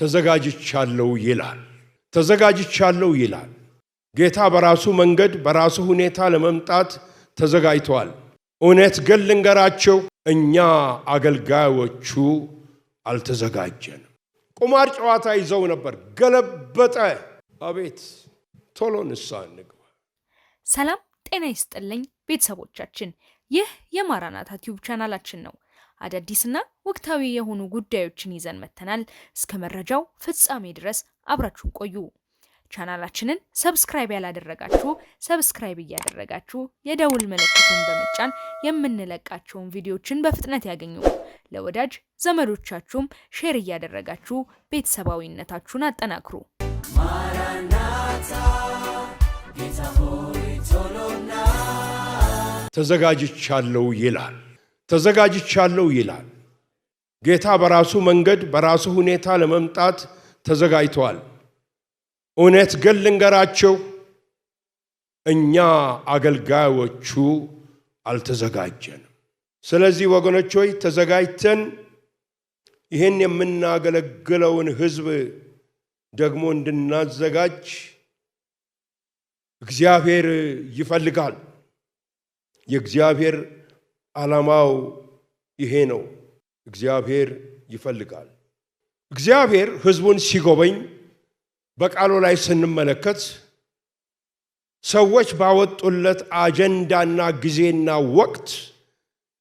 ተዘጋጅቻለሁ ይላል። ተዘጋጅቻለሁ ይላል። ጌታ በራሱ መንገድ በራሱ ሁኔታ ለመምጣት ተዘጋጅተዋል። እውነት ግን ልንገራቸው፣ እኛ አገልጋዮቹ አልተዘጋጀንም። ቁማር ጨዋታ ይዘው ነበር፣ ገለበጠ። አቤት ቶሎ ንስሐ እንግባ። ሰላም ጤና ይስጥልኝ ቤተሰቦቻችን፣ ይህ የማራናታ ቲዩብ ቻናላችን ነው። አዳዲስና ወቅታዊ የሆኑ ጉዳዮችን ይዘን መተናል። እስከ መረጃው ፍጻሜ ድረስ አብራችሁን ቆዩ። ቻናላችንን ሰብስክራይብ ያላደረጋችሁ ሰብስክራይብ እያደረጋችሁ የደውል ምልክቱን በመጫን የምንለቃቸውን ቪዲዮዎችን በፍጥነት ያገኙ። ለወዳጅ ዘመዶቻችሁም ሼር እያደረጋችሁ ቤተሰባዊነታችሁን አጠናክሩ። ማራናታ ጌታ ሆይ ቶሎና ተዘጋጅቻለሁ ይላል። ተዘጋጅቻለሁ ይላል። ጌታ በራሱ መንገድ በራሱ ሁኔታ ለመምጣት ተዘጋጅቷል። እውነት ግን ልንገራቸው፣ እኛ አገልጋዮቹ አልተዘጋጀንም። ስለዚህ ወገኖች ሆይ ተዘጋጅተን ይህን የምናገለግለውን ሕዝብ ደግሞ እንድናዘጋጅ እግዚአብሔር ይፈልጋል። የእግዚአብሔር ዓላማው ይሄ ነው። እግዚአብሔር ይፈልጋል። እግዚአብሔር ሕዝቡን ሲጎበኝ በቃሉ ላይ ስንመለከት ሰዎች ባወጡለት አጀንዳና ጊዜና ወቅት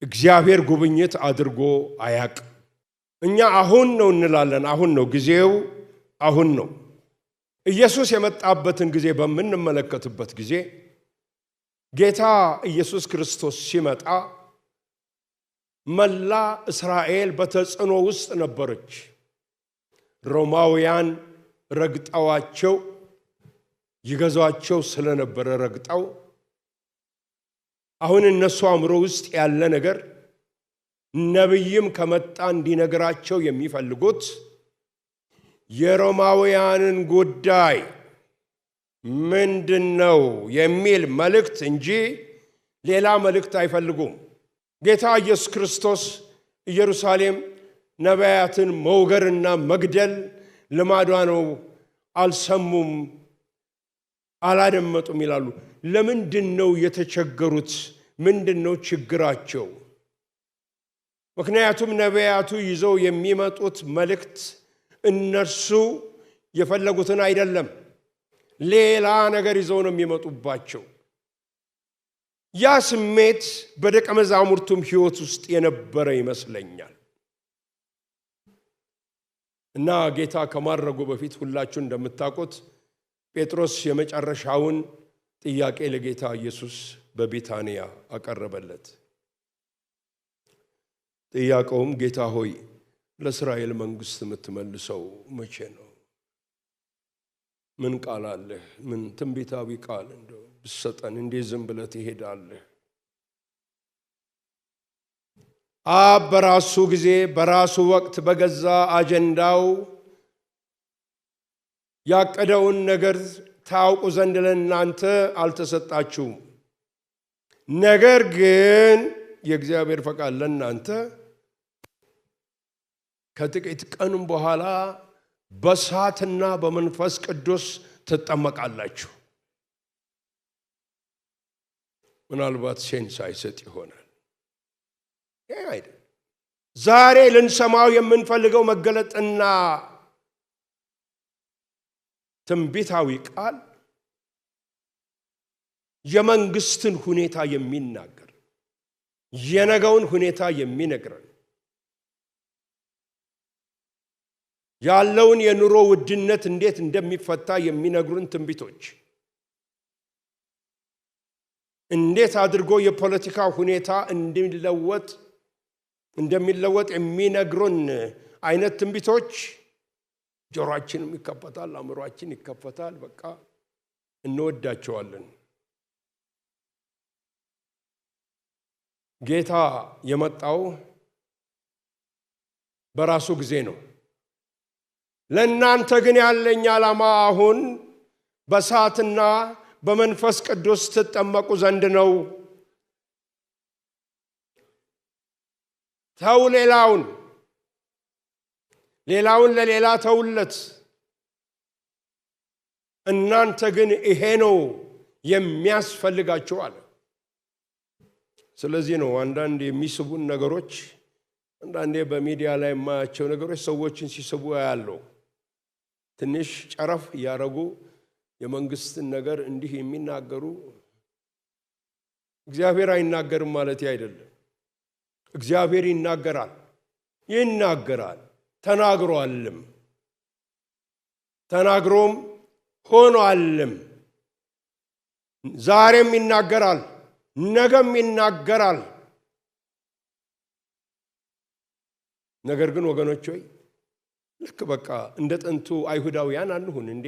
እግዚአብሔር ጉብኝት አድርጎ አያቅ። እኛ አሁን ነው እንላለን። አሁን ነው ጊዜው፣ አሁን ነው። ኢየሱስ የመጣበትን ጊዜ በምንመለከትበት ጊዜ ጌታ ኢየሱስ ክርስቶስ ሲመጣ መላ እስራኤል በተጽዕኖ ውስጥ ነበረች። ሮማውያን ረግጠዋቸው ይገዟቸው ስለነበረ ረግጠው አሁን እነሱ አእምሮ ውስጥ ያለ ነገር ነቢይም ከመጣ እንዲነግራቸው የሚፈልጉት የሮማውያንን ጉዳይ ምንድን ነው የሚል መልእክት እንጂ ሌላ መልእክት አይፈልጉም። ጌታ ኢየሱስ ክርስቶስ ኢየሩሳሌም ነቢያትን መውገርና መግደል ልማዷ ነው፣ አልሰሙም፣ አላደመጡም ይላሉ። ለምንድን ነው የተቸገሩት? ምንድን ነው ችግራቸው? ምክንያቱም ነቢያቱ ይዘው የሚመጡት መልእክት እነርሱ የፈለጉትን አይደለም፣ ሌላ ነገር ይዘው ነው የሚመጡባቸው። ያ ስሜት በደቀ መዛሙርቱም ሕይወት ውስጥ የነበረ ይመስለኛል። እና ጌታ ከማድረጉ በፊት ሁላችሁ እንደምታውቁት ጴጥሮስ የመጨረሻውን ጥያቄ ለጌታ ኢየሱስ በቢታንያ አቀረበለት። ጥያቄውም ጌታ ሆይ ለእስራኤል መንግሥት የምትመልሰው መቼ ነው? ምን ቃል አለህ? ምን ትንቢታዊ ቃል እንደው ብሰጠን እንዴ ዝም ብለህ ትሄዳለህ? አብ በራሱ ጊዜ በራሱ ወቅት በገዛ አጀንዳው ያቀደውን ነገር ታውቁ ዘንድ ለእናንተ አልተሰጣችሁም። ነገር ግን የእግዚአብሔር ፈቃድ ለእናንተ ከጥቂት ቀንም በኋላ በእሳትና በመንፈስ ቅዱስ ትጠመቃላችሁ። ምናልባት ሴንስ አይሰጥ ይሆናል። አይደል ዛሬ ልንሰማው የምንፈልገው መገለጥና ትንቢታዊ ቃል የመንግስትን ሁኔታ የሚናገር የነገውን ሁኔታ የሚነግረን ያለውን የኑሮ ውድነት እንዴት እንደሚፈታ የሚነግሩን ትንቢቶች እንዴት አድርጎ የፖለቲካ ሁኔታ እንደሚለወጥ እንደሚለወጥ የሚነግሩን አይነት ትንቢቶች ጆሮአችንም ይከፈታል፣ አእምሯችን ይከፈታል። በቃ እንወዳቸዋለን። ጌታ የመጣው በራሱ ጊዜ ነው። ለእናንተ ግን ያለኝ ዓላማ አሁን በሳትና በመንፈስ ቅዱስ ትጠመቁ ዘንድ ነው። ተው ሌላውን ሌላውን ለሌላ ተውለት። እናንተ ግን ይሄ ነው የሚያስፈልጋችሁ አለ። ስለዚህ ነው አንዳንድ የሚስቡን ነገሮች አንዳንዴ በሚዲያ ላይ የማያቸው ነገሮች ሰዎችን ሲስቡ ያለው ትንሽ ጨረፍ እያደረጉ የመንግስትን ነገር እንዲህ የሚናገሩ እግዚአብሔር አይናገርም ማለት አይደለም። እግዚአብሔር ይናገራል፣ ይናገራል፣ ተናግሯልም ተናግሮም ሆኗልም። ዛሬም ይናገራል፣ ነገም ይናገራል። ነገር ግን ወገኖች ሆይ ልክ በቃ እንደ ጥንቱ አይሁዳውያን አንሁን እንዴ?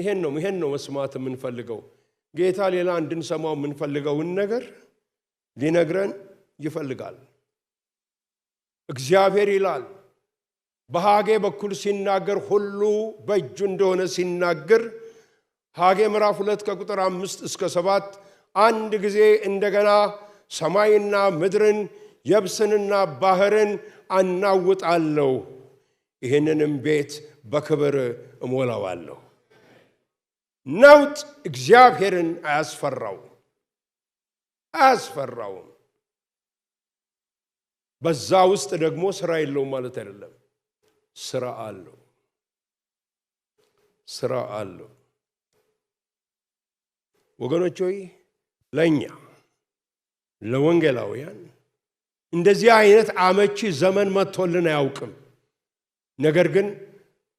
ይሄን ነው ይሄን ነው መስማት የምንፈልገው። ጌታ ሌላ እንድንሰማው የምንፈልገውን ነገር ሊነግረን ይፈልጋል። እግዚአብሔር ይላል በሐጌ በኩል ሲናገር ሁሉ በእጁ እንደሆነ ሲናገር ሐጌ ምዕራፍ ሁለት ከቁጥር አምስት እስከ ሰባት አንድ ጊዜ እንደገና ሰማይና ምድርን የብስንና ባህርን አናውጣለሁ፣ ይህንንም ቤት በክብር እሞላዋለሁ። ነውጥ እግዚአብሔርን አያስፈራው አያስፈራውም። በዛ ውስጥ ደግሞ ስራ የለውም ማለት አይደለም። ስራ አለው፣ ስራ አለው። ወገኖች ሆይ ለእኛ ለወንጌላውያን እንደዚህ አይነት አመቺ ዘመን መጥቶልን አያውቅም። ነገር ግን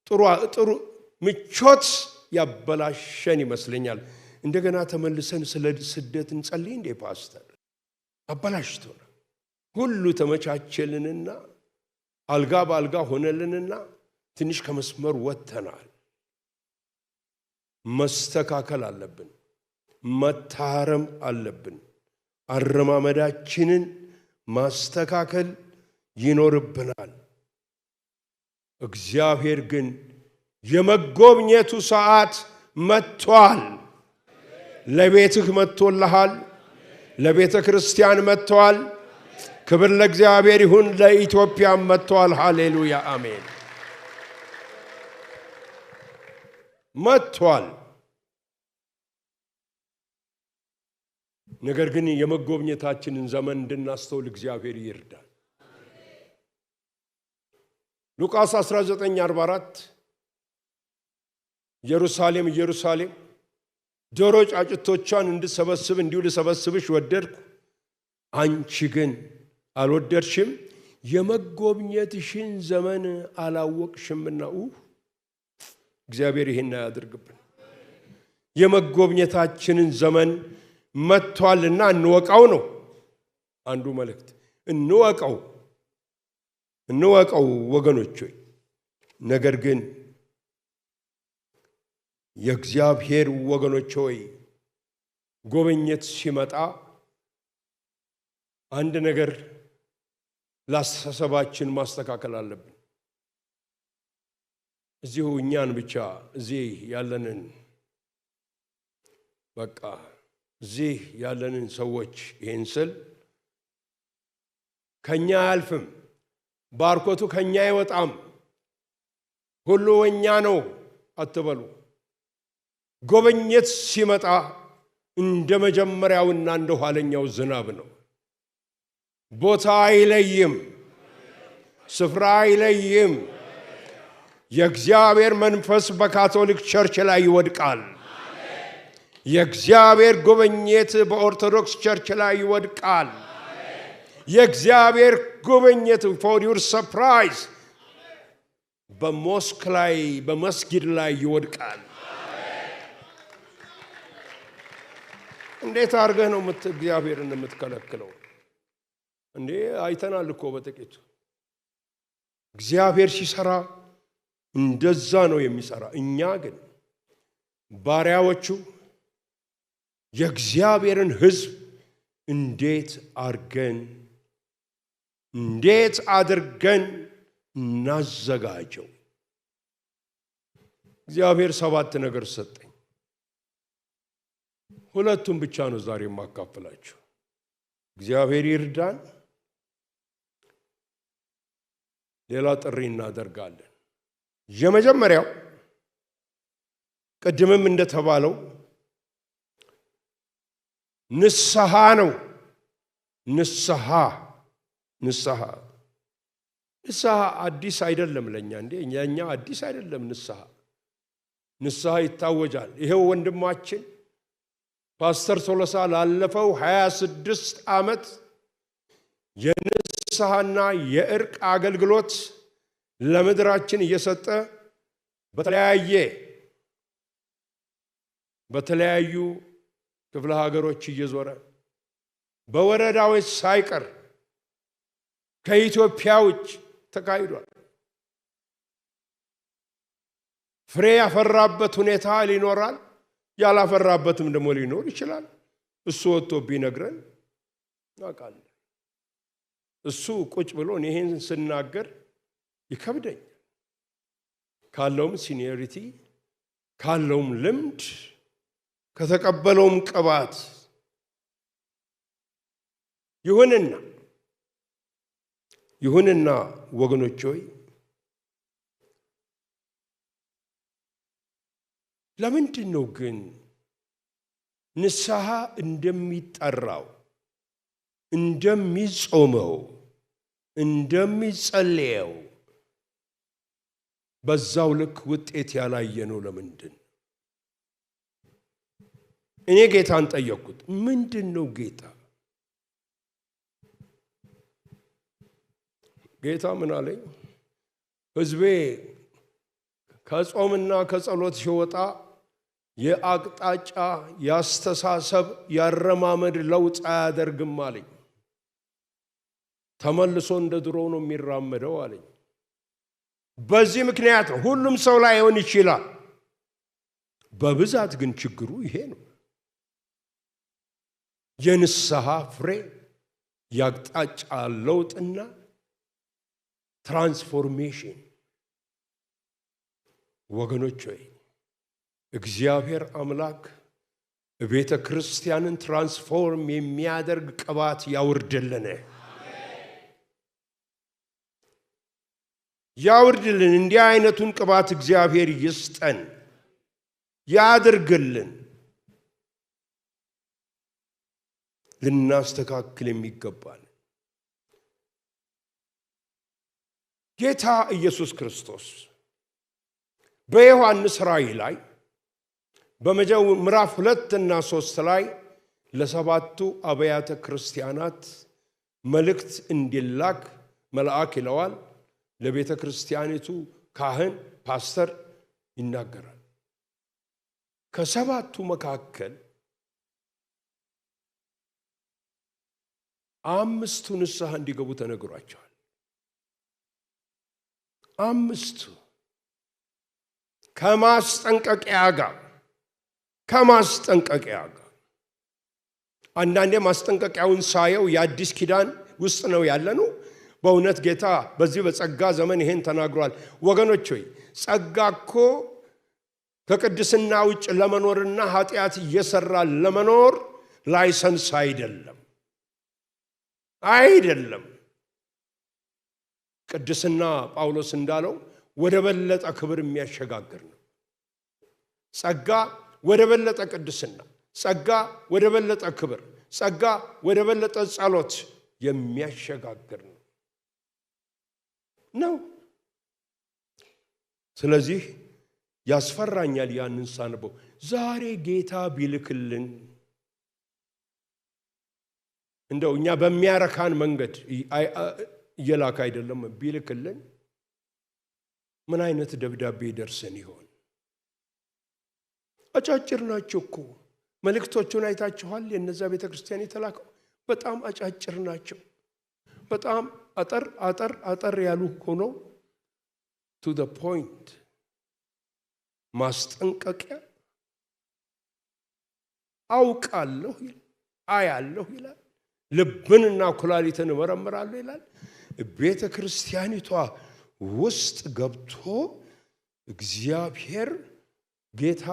ጥሩ ጥሩ ምቾት ያበላሸን ይመስለኛል። እንደገና ተመልሰን ስለ ስደት እንጸልይ እንዴ ፓስተር? አበላሽቶን ሁሉ ተመቻቸልንና አልጋ በአልጋ ሆነልንና ትንሽ ከመስመር ወጥተናል። መስተካከል አለብን። መታረም አለብን። አረማመዳችንን ማስተካከል ይኖርብናል። እግዚአብሔር ግን የመጎብኘቱ ሰዓት መጥቷል። ለቤትህ መጥቶልሃል። ለቤተ ክርስቲያን መጥተዋል። ክብር ለእግዚአብሔር ይሁን። ለኢትዮጵያም መጥተዋል። ሃሌሉያ አሜን። መጥቷል። ነገር ግን የመጎብኘታችንን ዘመን እንድናስተውል እግዚአብሔር ይርዳል። ሉቃስ ኢየሩሳሌም ኢየሩሳሌም ዶሮ ጫጭቶቿን እንድሰበስብ እንዲሁ ልሰበስብሽ ወደድኩ፣ አንቺ ግን አልወደድሽም፣ የመጎብኘትሽን ዘመን አላወቅሽምና። እግዚአብሔር ይህን አያድርግብን። የመጎብኘታችንን ዘመን መጥቷልና እንወቀው ነው አንዱ መልእክት። እንወቀው እንወቀው ወገኖች ሆይ ነገር ግን የእግዚአብሔር ወገኖች ሆይ ጎብኝት ሲመጣ አንድ ነገር ለአስተሳሰባችን ማስተካከል አለብን። እዚሁ እኛን ብቻ እዚህ ያለንን በቃ እዚህ ያለንን ሰዎች ይህን ስል ከእኛ አያልፍም፣ ባርኮቱ ከእኛ አይወጣም፣ ሁሉ እኛ ነው አትበሉ። ጎበኘት ሲመጣ እንደ መጀመሪያውና እንደ ኋለኛው ዝናብ ነው። ቦታ አይለይም፣ ስፍራ አይለይም። የእግዚአብሔር መንፈስ በካቶሊክ ቸርች ላይ ይወድቃል። የእግዚአብሔር ጉብኝት በኦርቶዶክስ ቸርች ላይ ይወድቃል። የእግዚአብሔር ጉብኝት ፎር ዩር ሰፕራይዝ በሞስክ ላይ በመስጊድ ላይ ይወድቃል። እንዴት አድርገህ ነው እግዚአብሔርን የምትከለክለው? እንዴ አይተናል እኮ በጥቂቱ እግዚአብሔር ሲሰራ እንደዛ ነው የሚሰራ። እኛ ግን ባሪያዎቹ የእግዚአብሔርን ህዝብ እንዴት አድርገን እንዴት አድርገን እናዘጋጀው? እግዚአብሔር ሰባት ነገር ሰጠ። ሁለቱም ብቻ ነው ዛሬ የማካፍላችሁ። እግዚአብሔር ይርዳን። ሌላ ጥሪ እናደርጋለን። የመጀመሪያው ቅድምም እንደተባለው ንስሐ ነው። ንስሐ ንስሐ ንስሐ አዲስ አይደለም ለእኛ እንዴ እኛ አዲስ አይደለም። ንስሐ ንስሐ ይታወጃል። ይሄው ወንድማችን ፓስተር ቶሎሳ ላለፈው 26 ዓመት የንስሐና የእርቅ አገልግሎት ለምድራችን እየሰጠ በተለያየ በተለያዩ ክፍለ ሀገሮች እየዞረ በወረዳዎች ሳይቀር ከኢትዮጵያ ውጭ ተካሂዷል። ፍሬ ያፈራበት ሁኔታ ሊኖራል። ያላፈራበትም ደግሞ ሊኖር ይችላል። እሱ ወጥቶ ቢነግረን እናውቃለን። እሱ ቁጭ ብሎ ይሄን ስናገር ይከብደኛል ካለውም ሲኒየሪቲ ካለውም ልምድ ከተቀበለውም ቅባት ይሁንና ይሁንና ወገኖች ሆይ ለምንድን ነው ግን ንስሐ እንደሚጠራው እንደሚጾመው እንደሚጸልየው በዛው ልክ ውጤት ያላየ ነው? ለምንድን እኔ ጌታን ጠየቅኩት። ምንድን ነው ጌታ? ጌታ ምን አለኝ? ህዝቤ ከጾምና ከጸሎት ሲወጣ የአቅጣጫ የአስተሳሰብ ያረማመድ ለውጥ አያደርግም አለኝ። ተመልሶ እንደ ድሮ ነው የሚራመደው አለኝ። በዚህ ምክንያት ሁሉም ሰው ላይ ይሆን ይችላል። በብዛት ግን ችግሩ ይሄ ነው። የንስሐ ፍሬ የአቅጣጫ ለውጥና ትራንስፎርሜሽን ወገኖች ወይ እግዚአብሔር አምላክ ቤተ ክርስቲያንን ትራንስፎርም የሚያደርግ ቅባት ያውርድልን ያውርድልን። እንዲህ አይነቱን ቅባት እግዚአብሔር ይስጠን ያድርግልን። ልናስተካክል የሚገባል ጌታ ኢየሱስ ክርስቶስ በዮሐንስ ራእይ ላይ በመጀው ምዕራፍ ሁለት እና ሶስት ላይ ለሰባቱ አብያተ ክርስቲያናት መልእክት እንዲላክ መልአክ ይለዋል። ለቤተ ክርስቲያኒቱ ካህን ፓስተር ይናገራል። ከሰባቱ መካከል አምስቱ ንስሐ እንዲገቡ ተነግሯቸዋል። አምስቱ ከማስጠንቀቂያ ጋር ከማስጠንቀቂያ ጋር አንዳንዴ ማስጠንቀቂያውን ሳየው የአዲስ ኪዳን ውስጥ ነው ያለነው። በእውነት ጌታ በዚህ በጸጋ ዘመን ይሄን ተናግሯል። ወገኖች ሆይ ጸጋ እኮ ከቅድስና ውጭ ለመኖርና ኃጢአት እየሰራ ለመኖር ላይሰንስ አይደለም አይደለም። ቅድስና ጳውሎስ እንዳለው ወደ በለጠ ክብር የሚያሸጋግር ነው ጸጋ ወደ በለጠ ቅድስና፣ ጸጋ ወደ በለጠ ክብር፣ ጸጋ ወደ በለጠ ጸሎት የሚያሸጋግር ነው ነው። ስለዚህ ያስፈራኛል። ያንን ሳንበው ዛሬ ጌታ ቢልክልን እንደው እኛ በሚያረካን መንገድ እየላክ አይደለም ቢልክልን ምን አይነት ደብዳቤ ደርሰን ይሆን? አጫጭር ናቸው እኮ መልእክቶቹን አይታችኋል። የነዛ ቤተ ክርስቲያን የተላከው በጣም አጫጭር ናቸው። በጣም አጠር አጠር አጠር ያሉ ሆነው ቱ ደ ፖይንት ማስጠንቀቂያ አውቃለሁ አያለሁ ይላል። ልብንና ኩላሊትን እመረምራለሁ ይላል። ቤተ ክርስቲያኒቷ ውስጥ ገብቶ እግዚአብሔር ጌታ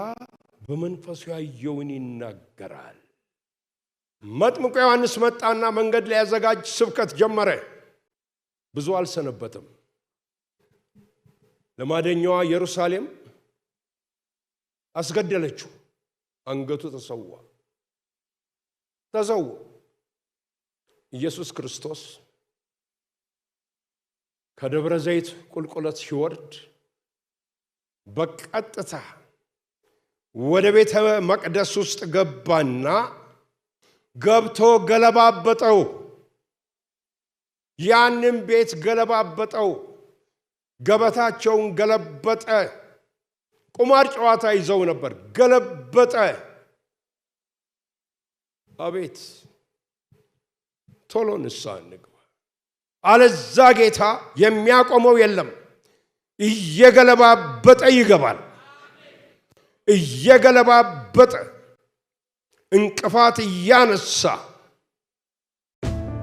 በመንፈሱ ያየውን ይናገራል። መጥምቁ ዮሐንስ መጣና መንገድ ላይ ያዘጋጅ ስብከት ጀመረ። ብዙ አልሰነበትም። ለማደኛዋ ኢየሩሳሌም አስገደለችው። አንገቱ ተሰዋ ተሰዋ። ኢየሱስ ክርስቶስ ከደብረ ዘይት ቁልቁለት ሲወርድ በቀጥታ ወደ ቤተ መቅደስ ውስጥ ገባና ገብቶ ገለባበጠው። ያንም ቤት ገለባበጠው። ገበታቸውን ገለበጠ። ቁማር ጨዋታ ይዘው ነበር። ገለበጠ። አቤት ቶሎ ንስሐ እንግባ። አለዛ ጌታ የሚያቆመው የለም። እየገለባበጠ ይገባል። እየገለባበጠ እንቅፋት እያነሳ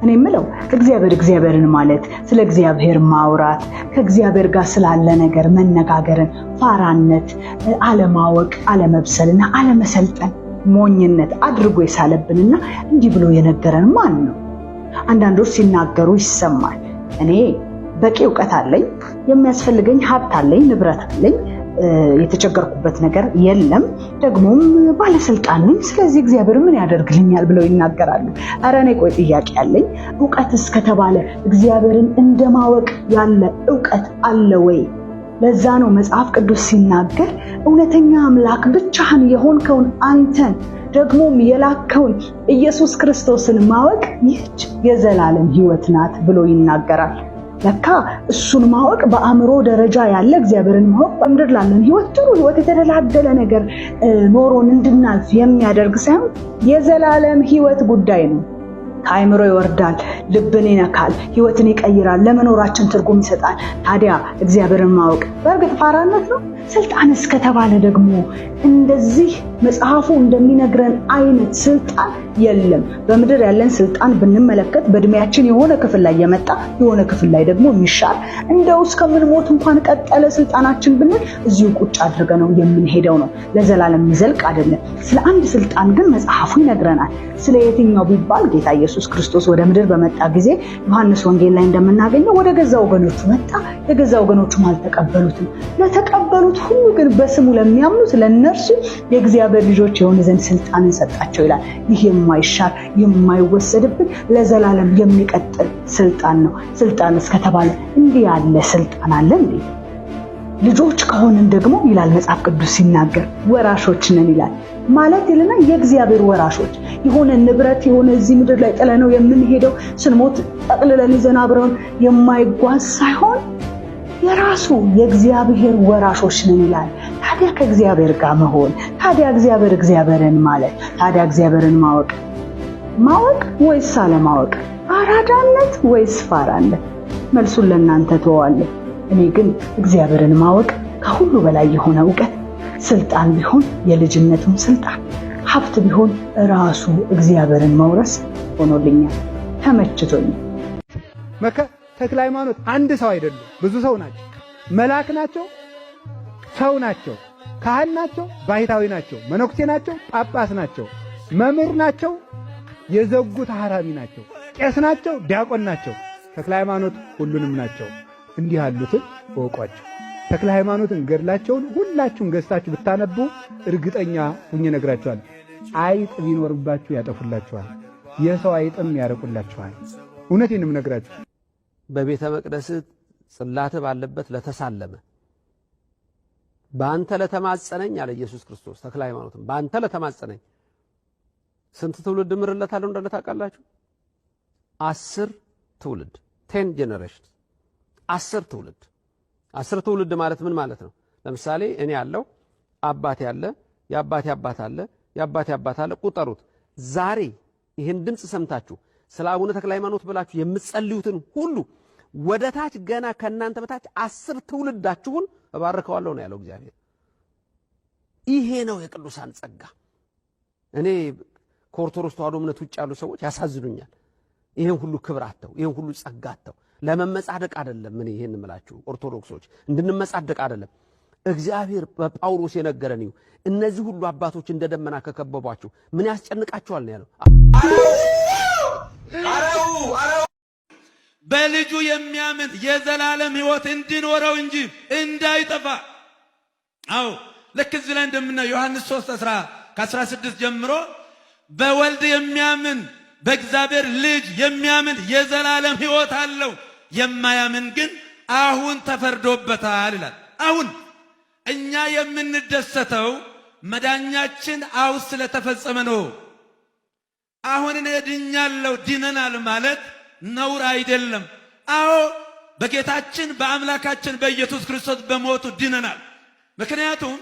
እኔ የምለው እግዚአብሔር እግዚአብሔርን ማለት ስለ እግዚአብሔር ማውራት ከእግዚአብሔር ጋር ስላለ ነገር መነጋገርን፣ ፋራነት፣ አለማወቅ፣ አለመብሰልና አለመሰልጠን ሞኝነት አድርጎ የሳለብንና እንዲህ ብሎ የነገረን ማን ነው? አንዳንዶች ሲናገሩ ይሰማል። እኔ በቂ እውቀት አለኝ፣ የሚያስፈልገኝ ሀብት አለኝ፣ ንብረት አለኝ የተቸገርኩበት ነገር የለም። ደግሞም ባለስልጣን ነኝ፣ ስለዚህ እግዚአብሔር ምን ያደርግልኛል ብለው ይናገራሉ። ኧረ እኔ ቆይ ጥያቄ ያለኝ እውቀትስ ከተባለ እግዚአብሔርን እንደማወቅ ያለ እውቀት አለ ወይ? ለዛ ነው መጽሐፍ ቅዱስ ሲናገር እውነተኛ አምላክ ብቻህን የሆንከውን አንተን ደግሞም የላከውን ኢየሱስ ክርስቶስን ማወቅ ይህች የዘላለም ሕይወት ናት ብሎ ይናገራል። ለካ እሱን ማወቅ በአእምሮ ደረጃ ያለ እግዚአብሔርን ማወቅ በምድር ላለን ህይወት ጥሩ ህይወት የተደላደለ ነገር ኖሮን እንድናልፍ የሚያደርግ ሳይሆን የዘላለም ህይወት ጉዳይ ነው። አይምሮ ይወርዳል፣ ልብን ይነካል፣ ህይወትን ይቀይራል፣ ለመኖራችን ትርጉም ይሰጣል። ታዲያ እግዚአብሔርን ማወቅ በእርግጥ ፋራነት ነው? ስልጣን እስከተባለ ደግሞ እንደዚህ መጽሐፉ እንደሚነግረን አይነት ስልጣን የለም። በምድር ያለን ስልጣን ብንመለከት በእድሜያችን የሆነ ክፍል ላይ የመጣ የሆነ ክፍል ላይ ደግሞ የሚሻል እንደው እስከምንሞት እንኳን ቀጠለ ስልጣናችን ብንል እዚሁ ቁጭ አድርገ ነው የምንሄደው ነው። ለዘላለም የሚዘልቅ አይደለም። ስለ አንድ ስልጣን ግን መጽሐፉ ይነግረናል። ስለ የትኛው ቢባል ጌታ ኢየሱስ ክርስቶስ ወደ ምድር በመጣ ጊዜ ዮሐንስ ወንጌል ላይ እንደምናገኘው ወደ ገዛ ወገኖቹ መጣ፣ የገዛ ወገኖቹም አልተቀበሉትም። ለተቀበሉት ሁሉ ግን በስሙ ለሚያምኑት ለእነርሱ የእግዚአብሔር ልጆች የሆነ ዘንድ ስልጣንን ሰጣቸው ይላል። ይህ የማይሻር የማይወሰድብን ለዘላለም የሚቀጥል ስልጣን ነው። ስልጣን እስከተባለ እንዲህ ያለ ስልጣን አለ እንዴ? ልጆች ከሆንን ደግሞ ይላል መጽሐፍ ቅዱስ ሲናገር ወራሾች ነን ይላል። ማለት ይልና የእግዚአብሔር ወራሾች የሆነ ንብረት የሆነ እዚህ ምድር ላይ ጥለነው የምንሄደው ስንሞት ጠቅልለን ይዘን አብረውን የማይጓዝ ሳይሆን የራሱ የእግዚአብሔር ወራሾች ነን ይላል። ታዲያ ከእግዚአብሔር ጋር መሆን ታዲያ እግዚአብሔር እግዚአብሔርን ማለት ታዲያ እግዚአብሔርን ማወቅ ማወቅ ወይስ አለማወቅ? አራዳነት ወይስ ፋራነት? መልሱን ለእናንተ ተዋለን። እኔ ግን እግዚአብሔርን ማወቅ ከሁሉ በላይ የሆነ እውቀት ስልጣን ቢሆን የልጅነቱን ስልጣን፣ ሀብት ቢሆን ራሱ እግዚአብሔርን መውረስ ሆኖልኛል፣ ተመችቶኝ መከ ተክለ ሃይማኖት አንድ ሰው አይደሉም፣ ብዙ ሰው ናቸው። መልአክ ናቸው፣ ሰው ናቸው፣ ካህን ናቸው፣ ባሕታዊ ናቸው፣ መነኩሴ ናቸው፣ ጳጳስ ናቸው፣ መምህር ናቸው፣ የዘጉ ተሐራሚ ናቸው፣ ቄስ ናቸው፣ ዲያቆን ናቸው። ተክለ ሃይማኖት ሁሉንም ናቸው። እንዲህ ያሉትን እወቋቸው። ተክለ ሃይማኖትን ገድላቸውን ሁላችሁም ገዝታችሁ ብታነቡ እርግጠኛ ሁኜ ነግራችኋል። አይጥ ቢኖርባችሁ ያጠፉላችኋል፣ የሰው አይጥም ያረቁላችኋል። እውነቴንም ነግራችሁ በቤተ መቅደስ ጽላት ባለበት ለተሳለመ በአንተ ለተማጸነኝ አለ ኢየሱስ ክርስቶስ ተክለ ሃይማኖትም በአንተ ለተማጸነኝ ስንት ትውልድ ምርለታለሁ እንዳለ ታውቃላችሁ? አስር ትውልድ ቴን ጄኔሬሽን አስር ትውልድ አስር ትውልድ ማለት ምን ማለት ነው? ለምሳሌ እኔ ያለው አባቴ አለ የአባቴ አባት አለ የአባቴ አባት አለ ቁጠሩት። ዛሬ ይህን ድምፅ ሰምታችሁ ስለ አቡነ ተክለ ሃይማኖት ብላችሁ የምትጸልዩትን ሁሉ ወደ ታች ገና ከእናንተ በታች አስር ትውልዳችሁን እባርከዋለሁ ነው ያለው እግዚአብሔር። ይሄ ነው የቅዱሳን ጸጋ። እኔ ከኦርቶዶክስ ተዋሕዶ እምነት ውጭ ያሉ ሰዎች ያሳዝኑኛል። ይህን ሁሉ ክብር አተው ይህን ሁሉ ጸጋ አተው ለመመጻደቅ አይደለም። ምን ይሄን እምላችሁ ኦርቶዶክሶች እንድንመጻደቅ አይደለም። እግዚአብሔር በጳውሎስ የነገረን እነዚህ ሁሉ አባቶች እንደ ደመና ከከበቧችሁ ምን ያስጨንቃችኋል ነው ያለው። በልጁ የሚያምን የዘላለም ሕይወት እንዲኖረው እንጂ እንዳይጠፋ። አዎ ልክ እዚህ ላይ እንደምናየው ዮሐንስ 3 ከ16 ጀምሮ በወልድ የሚያምን በእግዚአብሔር ልጅ የሚያምን የዘላለም ሕይወት አለው የማያምን ግን አሁን ተፈርዶበታል ይላል። አሁን እኛ የምንደሰተው መዳኛችን አሁን ስለተፈጸመ ነው። አሁን እኔ ድኛለሁ ድነናል ማለት ነውር አይደለም። አዎ በጌታችን በአምላካችን በኢየሱስ ክርስቶስ በሞቱ ድነናል። ምክንያቱም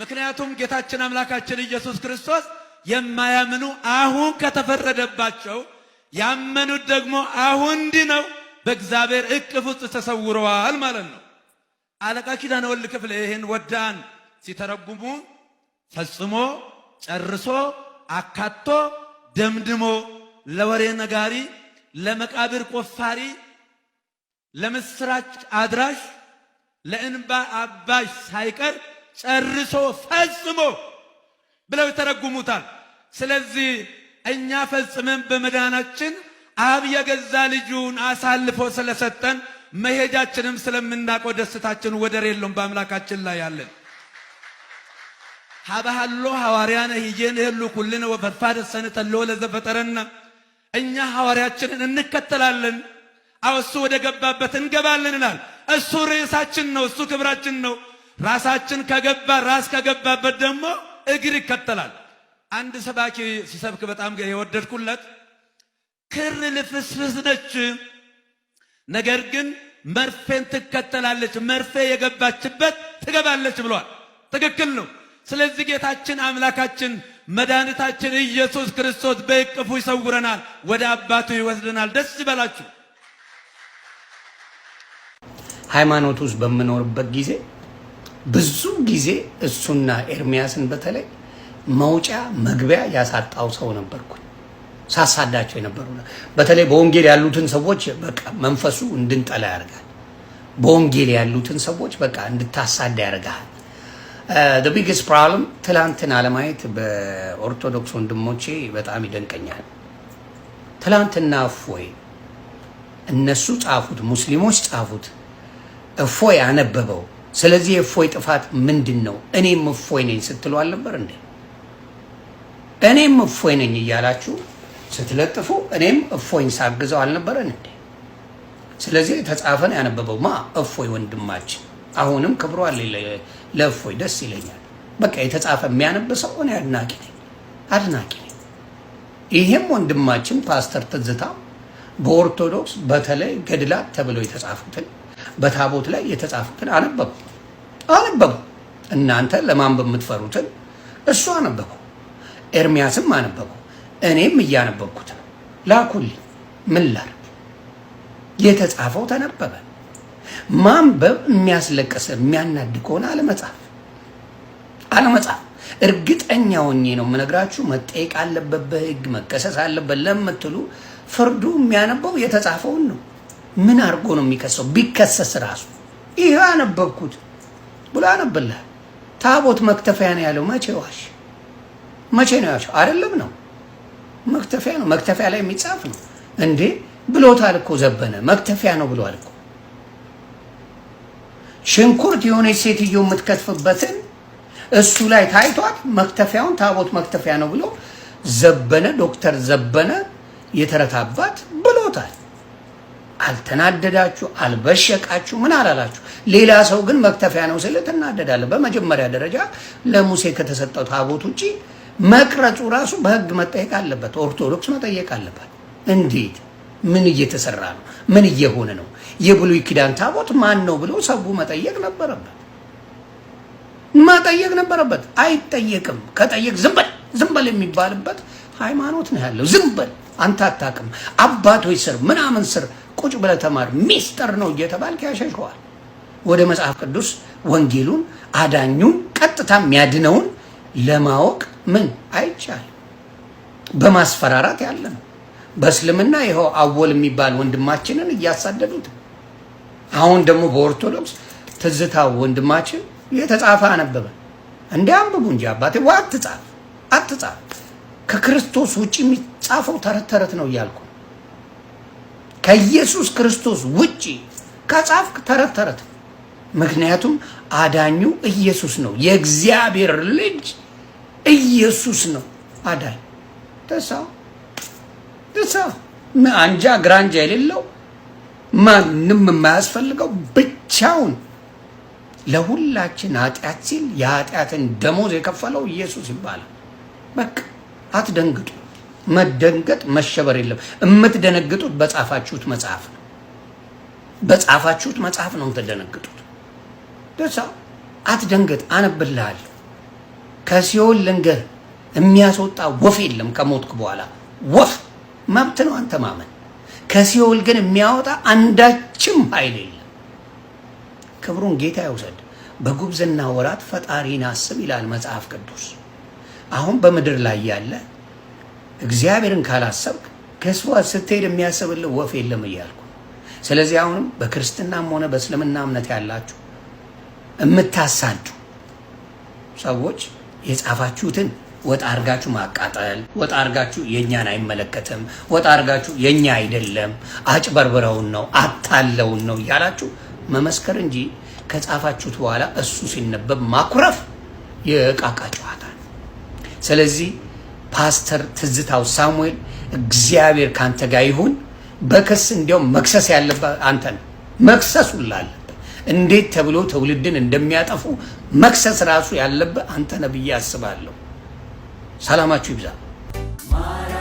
ምክንያቱም ጌታችን አምላካችን ኢየሱስ ክርስቶስ የማያምኑ አሁን ከተፈረደባቸው ያመኑት ደግሞ አሁን ድነው በእግዚአብሔር እቅፍ ውስጥ ተሰውረዋል ማለት ነው። አለቃ ኪዳነ ወልድ ክፍሌ ይህን ወዳን ሲተረጉሙ ፈጽሞ ጨርሶ አካቶ ደምድሞ ለወሬ ነጋሪ፣ ለመቃብር ቆፋሪ፣ ለምስራች አድራሽ፣ ለእንባ አባሽ ሳይቀር ጨርሶ ፈጽሞ ብለው ይተረጉሙታል። ስለዚህ እኛ ፈጽመን በመዳናችን አብ የገዛ ልጁን አሳልፎ ስለሰጠን መሄጃችንም ስለምናውቀው ደስታችን ወደር የለውም። በአምላካችን ላይ ያለን ሀባሃሎ ሐዋርያነ ይየን የሉ ኩልን ወፈድፋደ ሰነተሎ ለዘፈጠረና እኛ ሐዋርያችንን እንከተላለን። አዎ እሱ ወደ ገባበት እንገባለን ይላል እሱ ርዕሳችን ነው። እሱ ክብራችን ነው። ራሳችን ከገባ ራስ ከገባበት ደግሞ እግር ይከተላል። አንድ ሰባኪ ሲሰብክ በጣም የወደድኩለት ክር ልፍስፍስ ነች፣ ነገር ግን መርፌን ትከተላለች፣ መርፌ የገባችበት ትገባለች ብሏል። ትክክል ነው። ስለዚህ ጌታችን አምላካችን መድኃኒታችን ኢየሱስ ክርስቶስ በእቅፉ ይሰውረናል፣ ወደ አባቱ ይወስደናል። ደስ ይበላችሁ። ሃይማኖት ውስጥ በምኖርበት ጊዜ ብዙ ጊዜ እሱና ኤርሚያስን በተለይ መውጫ መግቢያ ያሳጣው ሰው ነበርኩኝ። ሳሳዳቸው የነበሩ በተለይ በወንጌል ያሉትን ሰዎች በቃ መንፈሱ እንድንጠላ ያደርጋል። በወንጌል ያሉትን ሰዎች በቃ እንድታሳዳ ያደርጋል። ዘ ቢግስት ፕሮብለም ትላንትን አለማየት በኦርቶዶክስ ወንድሞቼ በጣም ይደንቀኛል። ትላንትና እፎይ እነሱ ጻፉት፣ ሙስሊሞች ጻፉት፣ እፎይ አነበበው። ስለዚህ የእፎይ ጥፋት ምንድን ነው? እኔም እፎይ ነኝ ስትሉ አልነበር እንዴ? እኔም እፎይ ነኝ እያላችሁ ስትለጥፉ እኔም እፎይን ሳግዘው አልነበረን እንዴ? ስለዚህ የተጻፈን ያነበበው ማ እፎይ ወንድማችን። አሁንም ክብሮ አለ ለእፎይ ደስ ይለኛል። በቃ የተጻፈ የሚያነብ ሰው እኔ አድናቂ ነኝ አድናቂ ነኝ። ይህም ወንድማችን ፓስተር ትዝታ በኦርቶዶክስ በተለይ ገድላት ተብለው የተጻፉትን በታቦት ላይ የተጻፉትን አነበቡ አነበቡ። እናንተ ለማንበብ የምትፈሩትን እሱ አነበበው። ኤርሚያስም አነበበው፣ እኔም እያነበብኩት ነው። ላኩልኝ። ምን ላድርግ? የተጻፈው ተነበበ። ማንበብ የሚያስለቅስ የሚያናድ ከሆነ አለመጻፍ አለመጻፍ። እርግጠኛ ሆኜ ነው የምነግራችሁ። መጠየቅ አለበት በህግ መከሰስ አለበት ለምትሉ ፍርዱ የሚያነበው የተጻፈውን ነው። ምን አድርጎ ነው የሚከሰው? ቢከሰስ ራሱ ይህ አነበብኩት ብሎ አነብልሃል። ታቦት መክተፊያ ነው ያለው። መቼ ዋሽ መቼ ነው ያቸው? አይደለም ነው መክተፊያ ነው። መክተፊያ ላይ የሚጻፍ ነው እንዴ ብሎታል እኮ ዘበነ። መክተፊያ ነው ብሏል እኮ። ሽንኩርት የሆነች ሴትዮ የምትከትፍበትን እሱ ላይ ታይቷት መክተፊያውን ታቦት መክተፊያ ነው ብሎ ዘበነ፣ ዶክተር ዘበነ የተረታባት አባት ብሎታል። አልተናደዳችሁ፣ አልበሸቃችሁ፣ ምን አላላችሁ። ሌላ ሰው ግን መክተፊያ ነው ስል ትናደዳለህ። በመጀመሪያ ደረጃ ለሙሴ ከተሰጠው ታቦት ውጪ መቅረጹ ራሱ በህግ መጠየቅ አለበት። ኦርቶዶክስ መጠየቅ አለበት። እንዴት ምን እየተሰራ ነው? ምን እየሆነ ነው? የብሉይ ኪዳን ታቦት ማን ነው ብሎ ሰቡ መጠየቅ ነበረበት መጠየቅ ነበረበት። አይጠየቅም። ከጠየቅ ዝምበል ዝምበል የሚባልበት ሃይማኖት ነው ያለው። ዝምበል አንተ አታውቅም፣ አባቶች ስር ምናምን ስር ቁጭ ብለህ ተማር፣ ሚስጥር ነው እየተባልክ ያሸሸዋል። ወደ መጽሐፍ ቅዱስ ወንጌሉን አዳኙን ቀጥታ የሚያድነውን ለማወቅ ምን አይቻል በማስፈራራት ያለ ነው። በእስልምና ይኸው አወል የሚባል ወንድማችንን እያሳደዱት፣ አሁን ደግሞ በኦርቶዶክስ ትዝታው ወንድማችን የተጻፈ አነበበ። እንዲህ አንብቡ እንጂ አባቴ ዋ አትጻፍ አትጻፍ፣ ከክርስቶስ ውጭ የሚጻፈው ተረት ተረት ነው እያልኩ ከኢየሱስ ክርስቶስ ውጭ ከጻፍክ ተረት ተረት። ምክንያቱም አዳኙ ኢየሱስ ነው የእግዚአብሔር ልጅ ኢየሱስ ነው አዳል ተሳ ተሳ አንጃ ግራንጃ የሌለው ማንም የማያስፈልገው ብቻውን ለሁላችን ኃጢአት ሲል የኃጢአትን ደሞዝ የከፈለው ኢየሱስ ይባላል። በቃ አትደንግጡ። መደንገጥ መሸበር የለም። የምትደነግጡት በጻፋችሁት መጽሐፍ ነው። በጻፋችሁት መጽሐፍ ነው የምትደነግጡት። ደሳ አትደንግጥ፣ አነብልሃለሁ ከሲኦል ልንገር የሚያስወጣ ወፍ የለም። ከሞትክ በኋላ ወፍ መብት ነው አንተ ማመን። ከሲኦል ግን የሚያወጣ አንዳችም ኃይል የለም። ክብሩን ጌታ ይውሰድ። በጉብዝና ወራት ፈጣሪን አስብ ይላል መጽሐፍ ቅዱስ። አሁን በምድር ላይ ያለ እግዚአብሔርን ካላሰብክ ከስዋ ስትሄድ የሚያስብልህ ወፍ የለም እያልኩ ስለዚህ አሁንም በክርስትናም ሆነ በእስልምና እምነት ያላችሁ የምታሳዱ ሰዎች የጻፋችሁትን ወጣ አርጋችሁ ማቃጠል፣ ወጣ አርጋችሁ የእኛን አይመለከትም፣ ወጣ አርጋችሁ የእኛ አይደለም፣ አጭበርብረውን ነው አታለውን ነው እያላችሁ መመስከር እንጂ ከጻፋችሁት በኋላ እሱ ሲነበብ ማኩረፍ የእቃቃ ጨዋታ ነው። ስለዚህ ፓስተር ትዝታው ሳሙኤል እግዚአብሔር ካንተ ጋር ይሁን። በክስ እንዲያውም መክሰስ ያለበት አንተ ነው። መክሰሱላል እንዴት ተብሎ ትውልድን እንደሚያጠፉ መክሰስ ራሱ ያለብህ አንተ ነህ ብዬ አስባለሁ። ሰላማችሁ ይብዛ።